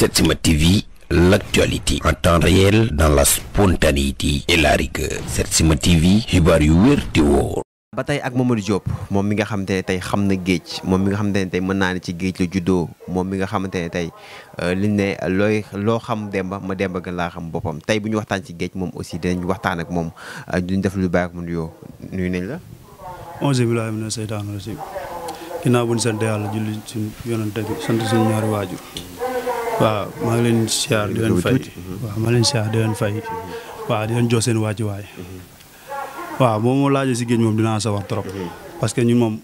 Setsima TV l'actualité en temps réel dans la spontanéité TV xibaar yu wér di ba tey ak ma Mamadou Diop moom mi nga xamante ne tey xam na géej moom mi nga xam ne tey mën naa ne ci géej la juddoo moom mi nga xamante ne tey euh, liñ ne looy loo xam demba ma demba gën laa xam boppam tey bu ñu waxtaan ci géej moom aussi dinañ waxtaan ak moom euh, duñ def lu baax ak mu yoo nuyu nañ la onze billahi mina seytaan rajim ginnaaw bu ñu sant yàlla julli ci yonante bi sant waajur waaw maa ngi leen siyaar di leen fay waaw maa leen siyaar di leen fay waaw seen waa ci waay waaw moom moo laajee si géej moom dinaa sawar trop parce que ñun moom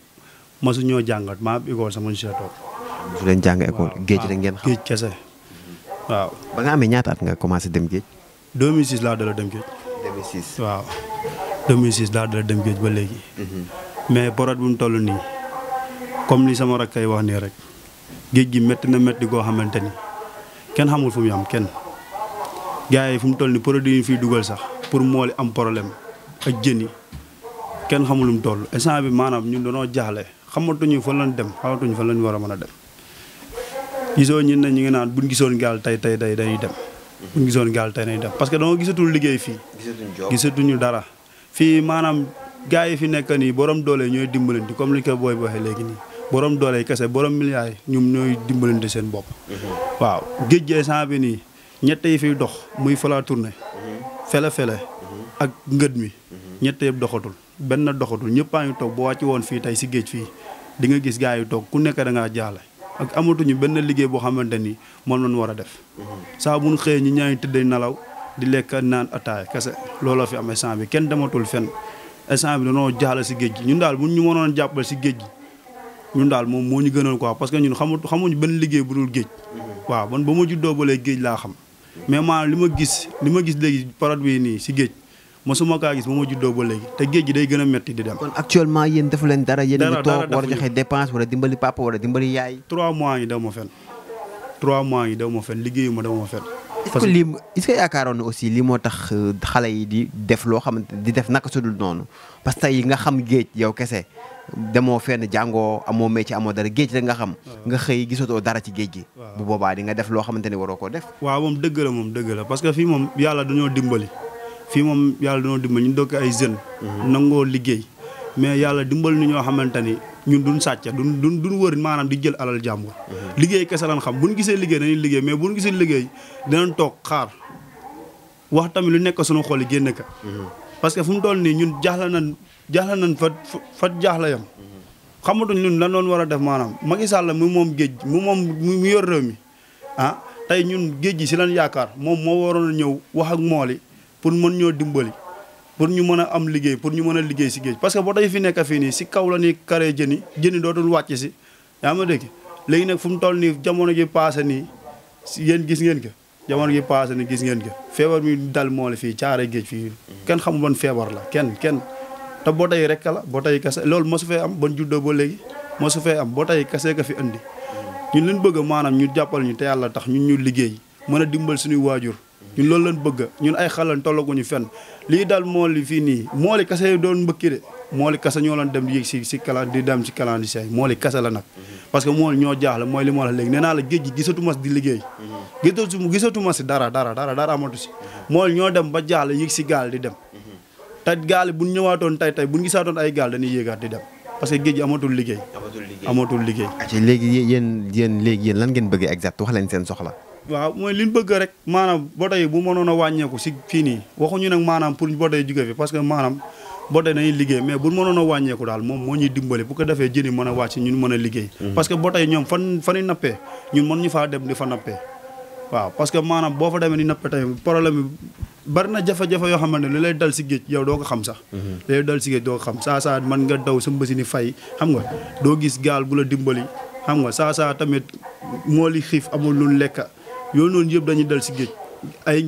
masu ñoo jàngat maa école sama ñu see toog su leen jàng ngeen xam kese waaw ba nga amee ñaata at nga commencé dem géej 2006 laa dala dem géej 2006 waaw 2006 laa dala dem géej ba léegi mhm. mais porote bu mu toll nii comme ni sama rakkay wax nii rek géej gi métti na métti goo xamante ni kenn xamul fu mu am kenn gars yi fu mu toll ni produit yi fiy dugal sax pour mool am problème ak jën yi kenn xamul lu mu toll instant bi maanaam ñun dañoo jaaxle xamatuñu fa lañ dem xamatuñu fa lañ war a mën a dem gisoo ñun ne ñu ngi naan buñ gisoon gaal tey tey day day dem buñ gisoon gaal tey day dem parce que danga gisatul liggéey fii gisatuñu dara fii maanaam gars yi fi nekk nii borom doole ñooy dimbalante comme li ko booy waxee léegi nii borom doole kese borom milliards yi ñoom ñooy dimbalante seen bopp. waaw géej gi instant bi nii ñett yi fiy dox muy fala tournée. fele fele. ak ngët mi. ñett yëpp doxatul benn doxatul ñëppaa ngi toog boo wàcc woon fii tey si géej fii di nga gis gaa yi toog ku nekk da ngaa jaale. ak amatuñu benn liggéey boo xamante ni moom lañ war a def. saa mun xëyee ñu ñaari tëddee nalaw di lekk naan ataaya kese looloo fi am instant bi kenn damatul fenn instant bi dañoo jaale si géej gi ñun daal bu ñu mënoon jàppal si gi. ñun daal moom moo ñu gënal quoi parce que ñun xamu xamuñu benn liggéey bu dul géej. waaw man ba ma juddoo ba léegi laa xam. mais maanaam li ma gis li ma gis léegi produit nii si géej suma kaa gis ba ma juddoo ba léegi te géej gi day gën a metti di dem. kon actuellement yéen defu leen dara yéen a ngi toog war a joxe dépense wala dimbali papa wala dimbali yaay. trois mois yi daw ma fen trois mois yi daw ma fen liggéeyu ma daw ma fen. parce que lii est-ce que yaakaaroon na aussi moo tax euh, xale yi di def loo xamante di def naka sudul noonu parce que tey nga xam géej yow kese demoo fenn jàngoo amoo métier amoo dara géej rek nga xam. nga xëy gisatoo dara ci géej gi. bu boobaa di nga def loo xamante ni waroo ko def. waaw moom dëgg la moom dëgg la parce que fii moom moom yàlla dañoo dimbali ay jeunes. Mhm. nangoo liggéey mais yàlla dimbali ñu ñoo xamante ni ñun duñ sàcc duñ duñ duñ wër maanaam di jël alal jàmbur. Mhm. liggéey kese lañ xam buñ gisee liggéey dañuy liggéey mais buñ gisee liggéey dinañ toog xaar wax tamit lu nekk sunu xol yi génn ka mhm. parce que toll nii ñun jaaxle nañ jaaxle nañ fa fa jaaxle yam xamatuñ ñun lan doon war a def maanaam Macky Sall mu moom géej mu moom mu yor réew mi ah tey ñun géej gi si lan yaakaar moom moo waroon a ñëw wax ak mool pour mën ñoo dimbali pour ñu mën a am liggéey pour ñu mën a liggéey si géej parce que boo day fi nekk fii nii si kaw la karee carré jëni jëni dootul wàcc si yaa ma dégg léegi nag fu mu toll nii jamono gi passé nii yéen gis ngeen ko jamono gi passé nii gis ngeen ko feebar mi dal mool fii caare géej fii kenn xamul ban feebar la kenn kenn te boota yi rek la boota yi kese loolu mosu fee am ban juddoo ba léegi mosu fee am boota yi kese ka fi indi ñun leen bëgg maanaam ñu jàppal ñu te yàlla tax ñun ñu liggéey mën a dimbal suñu waajur ñun loolu lañ bëgg ñun ay xalan tollaguñu fenn lii daal moo li fii nii mooli kase yi doon mbëkki de mooli kase ñoo lan dem di yéeg si si kalan di dem ci kalan di say mooli kase la nag parce que mool ñoo jaaxle mooy li ma wax léegi nee naa la géej gi gisatu di liggéey gisatu gisatu mas si dara dara dara dara amatu si mool ñoo dem ba jaaxle yéeg si gaal di dem te gaal bu ñëwaatoon tay tay bu ñu gisaatoon ay gaal dañuy yéegaat di dem parce que géej gi amatul liggéey. amatul liggéey amatul liggéey. ayca ah, léegi yéen yéen léegi yéen lan ngeen bëgg exact wax leen fii nii waxuñu nag maanaam pour bateau yi parce que maanaam bateau dañuy liggéey mais bu mënoon a wàññeeku daal moom moo ñuy dimbali bu ko defee jën yi mën a wàcc ñun mën a liggéey. Hmm. parce que bateau yi ñoom fan fan nappee ñun mën ñu faa dem di fa nappee waaw parce que maanaam boo fa demee ni nappe tey problème bi bari na jafe-jafe yoo xamante ne li lay dal si géej yow doo ko xam sax mhm. li lay dal si géej doo ko xam saa saa man nga daw sa mbësi ni fay xam nga doo gis gaal bu dimbali xam nga saa tamit moo li xiif amul lu lekk yooyu noonu yëpp dañuy dal si géej ay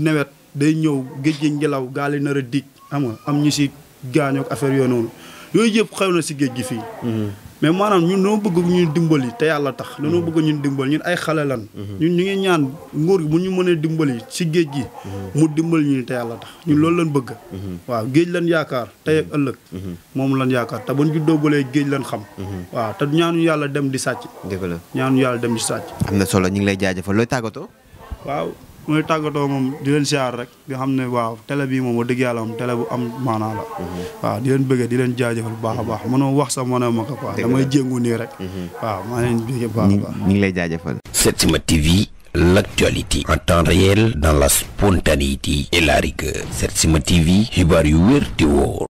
nawet day ñëw géej gi ngelaw gaal yi nar a dig xam nga am ñu si gaañook affaire yooyu noonu yooyu yëpp xew na si géej gi fii mhm. mais maanaam ñun dañoo bëgg ñu dimbali te yàlla tax dañoo bëgg ñun dimbali ñun ay xale lan mhm. ñun ñu ngi ñaan nguur gi bu ñu mënee dimbali si géej gi mhm. mu dimbali ñu te yàlla tax ñun loolu lan bëgg mhm. waaw géej lan yaakaar te ëllëg moom lan yaakaar te buñ juddoo balee géej lan xam waaw te ñaanu yàlla dem di sàcc dëgg ñaanu yàlla dem di sàcc am na solo ñu ngi lay jaajëfal looy tàggatoo waaw mooy tàggatoo moom di leen siyaar rek nga xam ne waaw télé bii moom wax dëgg yàlla moom télé bu am maanaa la waaw di leen bëggee di leen jaajëfal bu baax a baax mënoo wax sa mënoo ma ko quoi damay jéngu nii rek waaw maa leen bëggee baax a baax ñu ngi lay jaajëfal Setsima TV l'actualité en temps réel dans la spontanéité et la rigueur Setsima TV xibaar yu wér di wóor